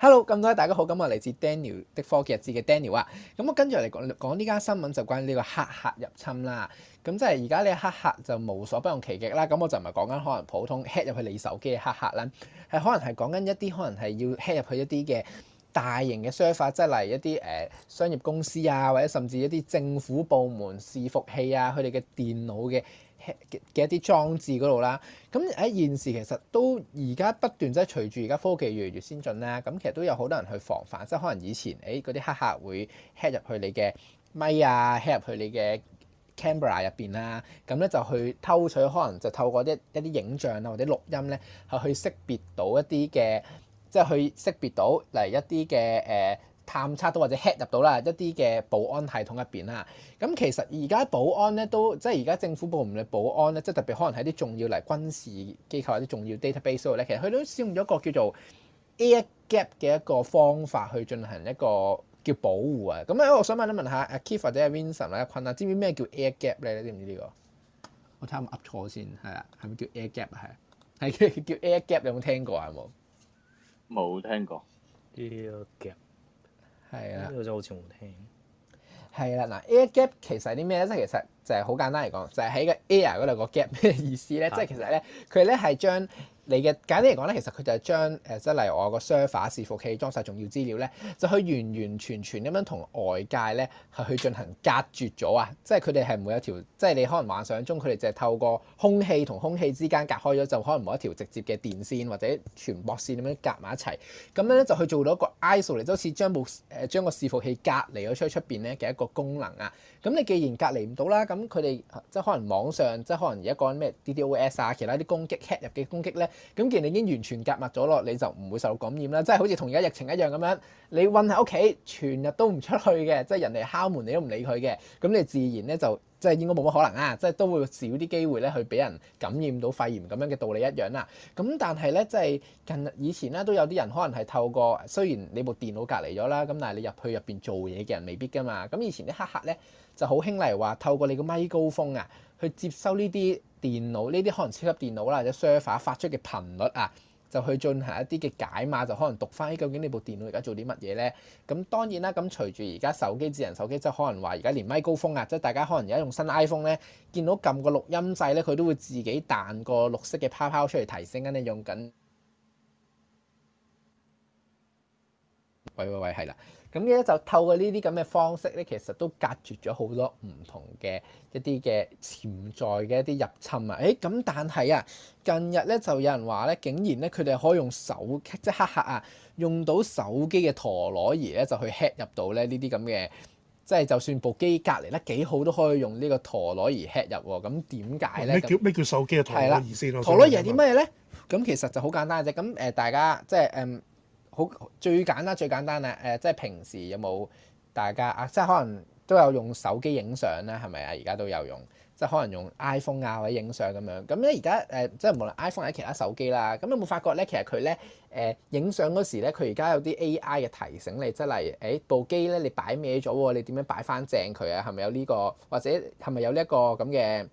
Hello，咁多位大家好，咁我嚟自 Daniel 的科技日誌嘅 Daniel 啊，咁我跟住嚟講講呢間新聞就關於呢個黑客,客入侵啦。咁即係而家呢個黑客就無所不用其極啦。咁我就唔係講緊可能普通 hack 入去你手機嘅黑客啦，係可能係講緊一啲可能係要 hack 入去一啲嘅大型嘅 server 即係例如一啲誒、呃、商業公司啊，或者甚至一啲政府部門伺服器啊，佢哋嘅電腦嘅。嘅嘅一啲裝置嗰度啦，咁喺現時其實都而家不斷即係隨住而家科技越嚟越先進啦，咁其實都有好多人去防範，即係可能以前誒嗰啲黑客會 hack 入去你嘅咪啊，hack 入去你嘅 camera 入邊啦，咁咧就去偷取，可能就透過一一啲影像啊或者錄音咧，係去識別到一啲嘅，即係去識別到嚟一啲嘅誒。探測到或者 hack 入到啦，一啲嘅保安系統入邊啦，咁、嗯、其實而家保安咧都即係而家政府部門嘅保安咧，即係特別可能喺啲重要嚟軍事機構或者重要 database 嗰度咧，其實佢都使用咗一個叫做 air gap 嘅一個方法去進行一個叫保護、嗯嗯嗯、問問 inson，啊。咁我想問一問下阿 Keith 或者阿 Vincent 啦、阿坤啦，知唔知咩叫 air gap 咧？知唔知呢、呢個？我睇下唔噏錯先，係啦，係咪叫 air gap 啊？係，係叫 air gap，你有冇聽過啊？冇，冇聽過 air gap。係啊，呢個就好似好聽。係啦，嗱，air gap 其實啲咩咧？即係其實就係好簡單嚟講，就係喺個 air 嗰度個 gap 咩意思咧？的即係其實咧，佢咧係將。你嘅簡單嚟講咧，其實佢就係將誒即係例如我個 server 伺服器，伺服器裝晒重要資料咧，就去完完全全咁樣同外界咧係去進行隔絕咗啊！即係佢哋係唔會有條，即係你可能幻想中佢哋淨係透過空氣同空氣之間隔開咗，就可能冇一條直接嘅電線或者傳播線咁樣隔埋一齊，咁樣咧就去做到一個 ISO 嚟，嚟，好似將部誒將個伺服器隔離咗出去出邊咧嘅一個功能啊！咁你既然隔離唔到啦，咁佢哋即係可能網上即係可能而家講緊咩 DDoS 啊，其他啲攻擊 hack 入嘅攻擊咧。咁既然你已經完全隔密咗咯，你就唔會受到感染啦。即係好似同而家疫情一樣咁樣，你韞喺屋企，全日都唔出去嘅，即係人哋敲門你都唔理佢嘅，咁你自然咧就即係應該冇乜可能啊！即係都會少啲機會咧去俾人感染到肺炎咁樣嘅道理一樣啦。咁但係咧，即係近以前咧都有啲人可能係透過，雖然你部電腦隔離咗啦，咁但係你入去入邊做嘢嘅人未必噶嘛。咁以前啲黑客咧就好興嚟話，透過你個咪高峰啊。去接收呢啲電腦，呢啲可能超級電腦啦，或者 server 啊，發出嘅頻率啊，就去進行一啲嘅解碼，就可能讀翻究竟呢部電腦而家做啲乜嘢咧。咁當然啦，咁隨住而家手機、智能手機即係可能話而家連咪高峰啊，即係大家可能而家用新 iPhone 咧，見到撳個錄音掣咧，佢都會自己彈個綠色嘅泡泡出嚟提醒緊你用緊。喂喂喂，係啦。咁咧就透過呢啲咁嘅方式咧，其實都隔絕咗好多唔同嘅一啲嘅潛在嘅一啲入侵啊！誒、哎、咁，但係啊，近日咧就有人話咧，竟然咧佢哋可以用手即係黑客，客啊，用到手機嘅陀螺儀咧就去 hack 入到咧呢啲咁嘅，即係、就是、就算部機隔離得幾好，都可以用呢個陀螺儀 hack 入喎、啊。咁點解咧？咩叫咩那叫手機嘅陀螺儀先的陀螺儀係啲咩咧？咁其實就好簡單嘅啫。咁誒，大家即係嗯。好，最簡單最簡單啦誒、呃，即係平時有冇大家啊，即係可能都有用手機影相啦，係咪啊？而家都有用，即係可能用 iPhone 啊或者影相咁樣咁咧。而家誒，即係無論 iPhone 喺其他手機啦，咁有冇發覺咧？其實佢咧誒影相嗰時咧，佢而家有啲 AI 嘅提醒你，即係例如部機咧，你擺咩咗喎？你點樣擺翻正佢啊？係咪有呢個或者係咪有呢一個咁嘅，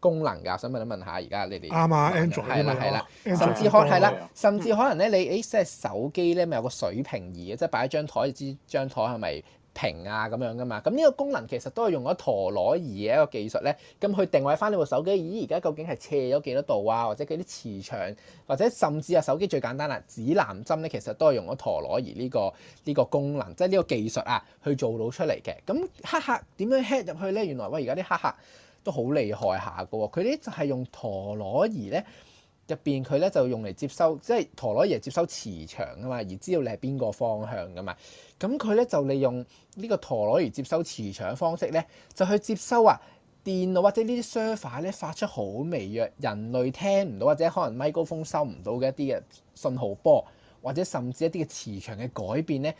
功能㗎，想問一下你問下而家你哋啱啊，Android 係咪係啦，甚至可係啦、嗯，甚至可能咧，你誒即係手機咧咪有個水平儀嘅，即係擺喺張台知張台係咪平啊咁樣噶嘛，咁、這、呢個功能其實都係用咗陀螺儀嘅一個技術咧，咁去定位翻你部手機，咦而家究竟係斜咗幾多度啊，或者嗰啲磁場，或者甚至啊手機最簡單啦，指南針咧其實都係用咗陀螺儀呢、這個呢、這個功能，即係呢個技術啊去做到出嚟嘅，咁黑客點樣 hack 入去咧？原來喂而家啲黑客。都好厲害下㗎喎，佢呢就係用陀螺儀呢入邊，佢呢就用嚟接收，即係陀螺儀接收磁場㗎嘛，而知道你係邊個方向㗎嘛。咁佢呢就利用呢個陀螺儀接收磁場嘅方式呢，就去接收啊電腦或者呢啲 server 呢發出好微弱、人類聽唔到或者可能咪高峰收唔到嘅一啲嘅信號波，或者甚至一啲嘅磁場嘅改變呢，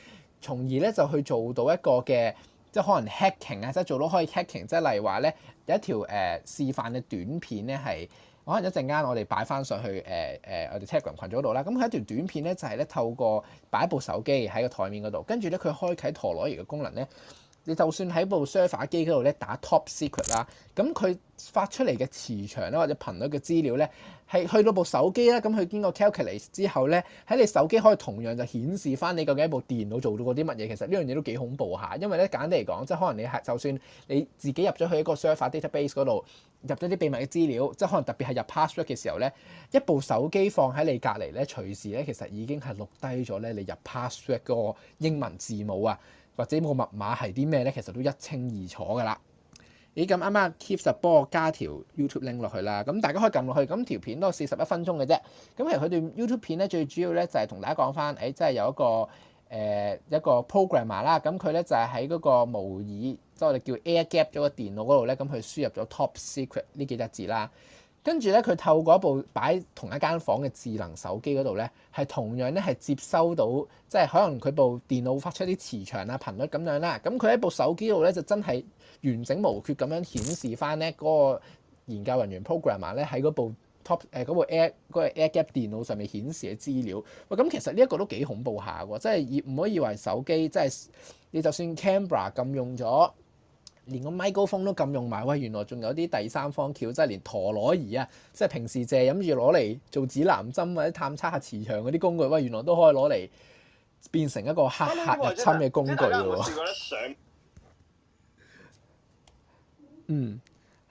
從而呢就去做到一個嘅。即係可能 hacking 啊，即係做到可以 hacking，即係例如話咧有一條誒、呃、示範嘅短片咧係，可能一陣間我哋擺翻上去誒誒、呃呃、我哋 Telegram 羣組嗰度啦。咁佢一條短片咧就係、是、咧透過擺一部手機喺個台面嗰度，跟住咧佢開啟陀螺儀嘅功能咧。你就算喺部 server 機嗰度咧打 top secret 啦，咁佢發出嚟嘅磁場啦或者頻率嘅資料咧，係去到部手機啦，咁佢經過 calculate 之後咧，喺你手機可以同樣就顯示翻你究竟一部電腦做到過啲乜嘢。其實呢樣嘢都幾恐怖嚇，因為咧簡單嚟講，即係可能你係就算你自己入咗去一個 server database 度，入咗啲秘密嘅資料，即係可能特別係入 password 嘅時候咧，一部手機放喺你隔離咧，隨時咧其實已經係錄低咗咧你入 password 嗰個英文字母啊。或者個密碼係啲咩咧？其實都一清二楚㗎啦。咦，咁啱啱 Keep Support 加條 YouTube link 落去啦。咁大家可以撳落去。咁條片都有四十一分鐘嘅啫。咁其實佢哋 YouTube 片咧，最主要咧就係、是、同大家講翻，誒、欸，即係有一個誒、呃、一個 programmer 啦。咁佢咧就係喺嗰個模擬，即、就、係、是、我哋叫 air gap 咗個電腦嗰度咧。咁佢輸入咗 top secret 呢幾隻字啦。跟住咧，佢透過一部擺同一間房嘅智能手機嗰度咧，係同樣咧係接收到，即係可能佢部電腦發出啲磁場啊、頻率咁樣啦。咁佢喺部手機度咧，就真係完整無缺咁樣顯示翻咧嗰個研究人員 programmer 咧喺嗰部 top 誒部 air 嗰個 air gap 電腦上面顯示嘅資料。喂、哎，咁其實呢一個都幾恐怖下喎，即係以唔可以以為手機即係你就算 camera 禁用咗。連個咪高峰都禁用埋，哇！原來仲有啲第三方橋，即係連陀螺儀啊，即係平時淨係諗住攞嚟做指南針或者探測下磁場嗰啲工具，哇！原來都可以攞嚟變成一個黑客入侵嘅工具喎。嗯，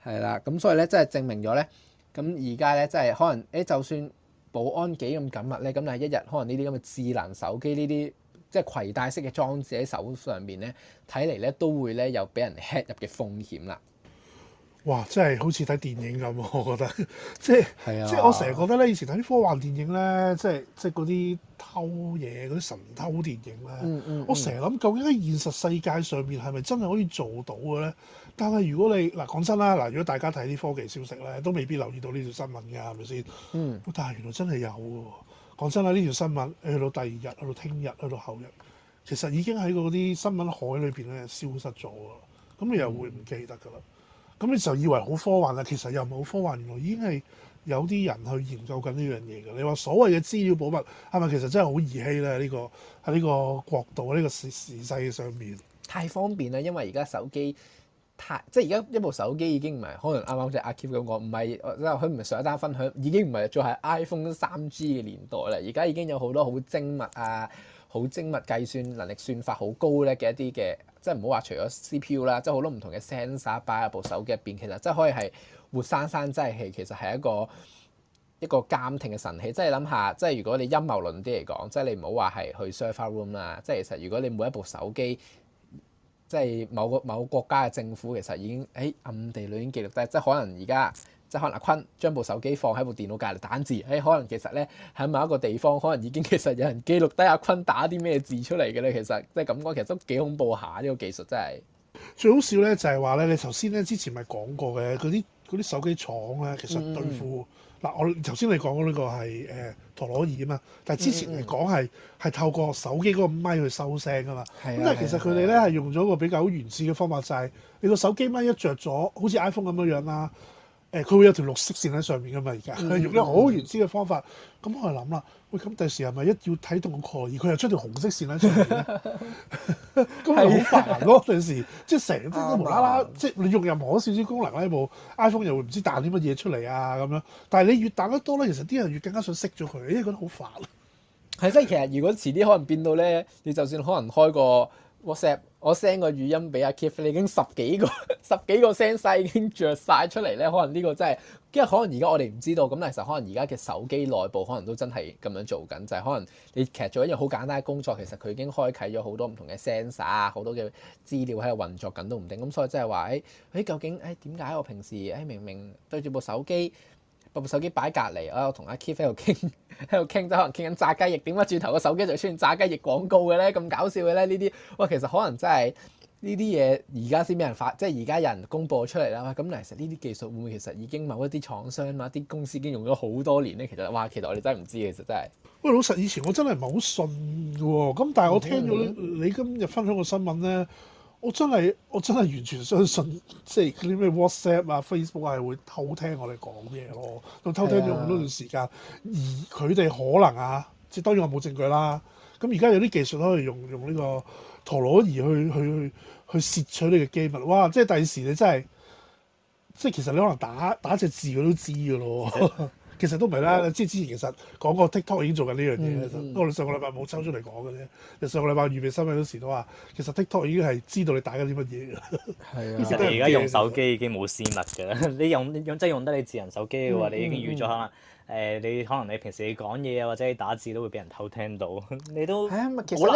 係啦，咁、 嗯、所以咧，即係證明咗咧，咁而家咧，即係可能誒，就算保安幾咁緊密咧，咁但係一日可能呢啲咁嘅智能手機呢啲。即係攜帶式嘅裝置喺手上邊咧，睇嚟咧都會咧有俾人 hack 入嘅風險啦。哇！真係好似睇電影咁。我覺得即係、啊、即係我成日覺得咧，以前睇啲科幻電影咧，即係即係嗰啲偷嘢嗰啲神偷電影咧，嗯嗯嗯，我成日諗究竟喺現實世界上面係咪真係可以做到嘅咧？但係如果你嗱講真啦，嗱如果大家睇啲科技消息咧，都未必留意到呢條新聞嘅，係咪先？嗯，但係原來真係有喎。講真啦，呢條新聞去到第二日，去到聽日，去到後日，其實已經喺嗰啲新聞海裏邊咧消失咗啦。咁你又會唔記得噶啦？咁、嗯、你就以為好科幻啦，其實又唔係好科幻。原來已經係有啲人去研究緊呢樣嘢嘅。你話所謂嘅資料保密係咪其實真係好兒戲咧？呢、呢個喺呢個國度呢、呢個時時勢上面太方便啦，因為而家手機。即係而家一部手機已經唔係，可能啱啱即係阿 Kip 咁講，唔係即係佢唔係上一單分享，已經唔係再係 iPhone 三 G 嘅年代啦。而家已經有好多好精密啊、好精密計算能力、算法好高咧嘅一啲嘅，即係唔好話除咗 CPU 啦，即係好多唔同嘅 sensor 擺喺部手機入邊，其實即係可以係活生生真係其實係一個一個監聽嘅神器。即係諗下，即係如果你陰謀論啲嚟講，即係你唔好話係去 server room 啦，即係其實如果你每一部手機。即係某個某個國家嘅政府其實已經誒、哎、暗地裏已經記錄低，即係可能而家即係可能阿坤將部手機放喺部電腦隔離打字，誒、哎、可能其實咧喺某一個地方可能已經其實有人記錄低阿坤打啲咩字出嚟嘅咧，其實即係咁講，其實都幾恐怖下呢、這個技術真係。最好笑咧就係話咧，你頭先咧之前咪講過嘅嗰啲嗰啲手機廠咧，其實對付。嗯嗱，我頭先你講嗰呢個係誒、呃、陀螺儀啊，但係之前嚟講係係透過手機嗰個咪去收聲㗎嘛，咁、啊、但係其實佢哋咧係用咗個比較好原始嘅方法，啊啊、就係你個手機咪一着咗，好似 iPhone 咁樣樣、啊、啦。誒佢、欸、會有條綠色線喺上面噶嘛？而家、嗯、用咗好完善嘅方法，咁、嗯、我係諗啦，喂咁第時係咪一定要睇到個 call, 而佢又出條紅色線喺上面？咁係好煩咯！有的時即係成日都無啦啦，啊、即係你用任何少少功能咧，部 iPhone 又會唔知彈啲乜嘢出嚟啊咁樣。但係你越彈得多咧，其實啲人越更加想熄咗佢，因為覺得好煩。係即係其實如果遲啲可能變到咧， 你就算可能開個 WhatsApp，我 send 個語音俾阿 Kif，你已經十幾個十幾個 sensor 已經着晒出嚟咧。可能呢個真係，因為可能而家我哋唔知道，咁其實可能而家嘅手機內部可能都真係咁樣做緊，就係、是、可能你其實做一樣好簡單嘅工作，其實佢已經開啟咗好多唔同嘅 sensor 啊，好多嘅資料喺度運作緊都唔定。咁所以真係話，誒、哎、誒究竟誒點解我平時誒、哎、明明對住部手機？部手機擺隔離，我有同阿 Kiki 喺度傾，喺度傾，就可能傾緊炸雞翼，點解轉頭個手機就出現炸雞翼廣告嘅咧？咁搞笑嘅咧？呢啲哇，其實可能真係呢啲嘢，而家先俾人發，即係而家有人公佈出嚟啦。咁其實呢啲技術會唔會其實已經某一啲廠商嘛、啊，啲公司已經用咗好多年咧？其實哇，其實我哋真係唔知，其實真係。喂，老實，以前我真係唔係好信嘅喎。咁但係我聽咗你今日分享個新聞咧。我真係我真係完全相信，即係嗰啲咩 WhatsApp 啊、Facebook 係、啊、會偷聽我哋講嘢咯，咁偷聽咗咁多段時間，哎、呀而佢哋可能啊，即係當然我冇證據啦。咁而家有啲技術可以用用呢個陀螺儀去去去去攝取你嘅機密。哇！即係第二時你真係，即係其實你可能打打一隻字佢都知㗎咯。 其實都唔係啦，你之前其實講過 TikTok 已經做緊呢樣嘢，不過你上個禮拜冇抽出嚟講嘅啫。你上個禮拜預備新聞嗰時都話，其實 TikTok 已經係知道你打緊啲乜嘢。係啊，其實你而家用手機已經冇私密㗎啦。你用用即係用得你智能手機嘅話，你已經預咗可能誒，你可能你平時你講嘢啊，或者你打字都會俾人偷聽到。你都好難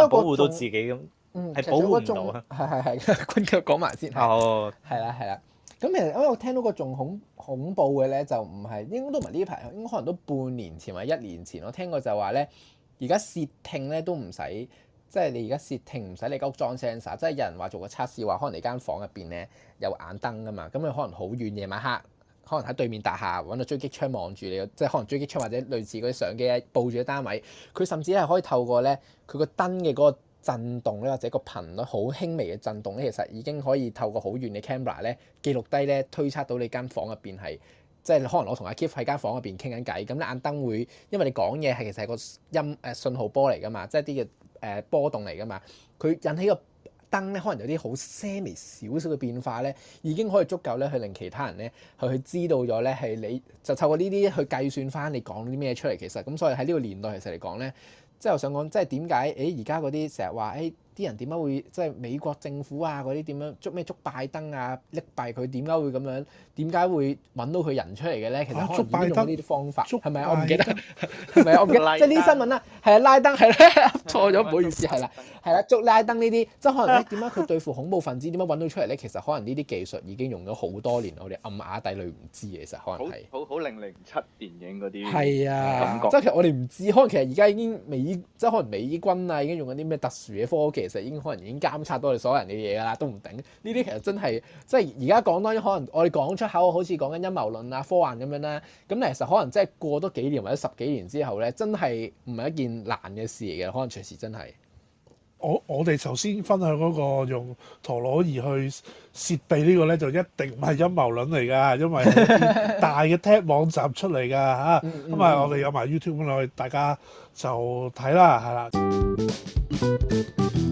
保護到自己咁，係保護唔到啊。係係係，君哥講埋先。哦，係啦係啦。咁其實因為我聽到個仲恐恐怖嘅咧，就唔係應該都唔係呢排，應該可能都半年前或一年前，我聽過就話咧，而家竊聽咧都唔使，即係你而家竊聽唔使你間屋裝 sensor，即係有人話做個測試話，可能你間房入邊咧有眼燈噶嘛，咁佢可能好遠夜晚黑，可能喺對面大廈揾到狙擊槍望住你，即係可能狙擊槍或者類似嗰啲相機咧、啊，佈住喺單位，佢甚至係可以透過咧佢、個燈嘅嗰。震動咧，或者個頻率好輕微嘅震動咧，其實已經可以透過好遠嘅 camera 咧記錄低咧，推測到你間房入邊係，即係可能我同阿 Kieff 喺間房入邊傾緊偈，咁啲眼燈會，因為你講嘢係其實係個音誒信號波嚟㗎嘛，即係啲嘅誒波動嚟㗎嘛，佢引起個燈咧可能有啲好些微少少嘅變化咧，已經可以足夠咧去令其他人咧去去知道咗咧係你就透過呢啲去計算返你講啲咩出嚟，其實咁所以喺呢個年代其實嚟講咧。即係，我想講，即係點解？誒而家嗰啲成日話誒。啲人點解會即係美國政府啊，嗰啲點樣捉咩捉拜登啊，拎閉佢點解會咁樣？點解會揾到佢人出嚟嘅咧？其實可能翻用呢啲方法，係咪、啊、登我唔記得，係咪？ 我唔記得， 即係呢新聞啦、啊，係啊拉登係啦，啊、錯咗唔好意思係啦，係啦、 啊、捉拉登呢啲，即係可能誒點解佢對付恐怖分子點樣揾到出嚟咧？其實可能呢啲技術已經用咗好多年，我哋暗啞底裏唔知其實可能好。好係好零零七電影嗰啲感覺。啊、即係其實我哋唔知，可能其實而家已經美即係可能美軍啊已經用緊啲咩特殊嘅科技。其實已經可能已經監察到你所有人嘅嘢㗎啦，都唔頂。呢啲其實真係即係而家講多啲，可能我哋講出口好似講緊陰謀論啊、科幻咁樣啦。咁其實可能真係過多幾年或者十幾年之後咧，真係唔係一件難嘅事嚟嘅。可能隨時真係。我我哋頭先分享嗰、那個用陀螺儀去設備個呢個咧，就一定唔係陰謀論嚟噶，因為大嘅 tech 網站出嚟噶嚇。咁啊，嗯嗯、我哋有埋 YouTube，我哋大家就睇啦，係啦。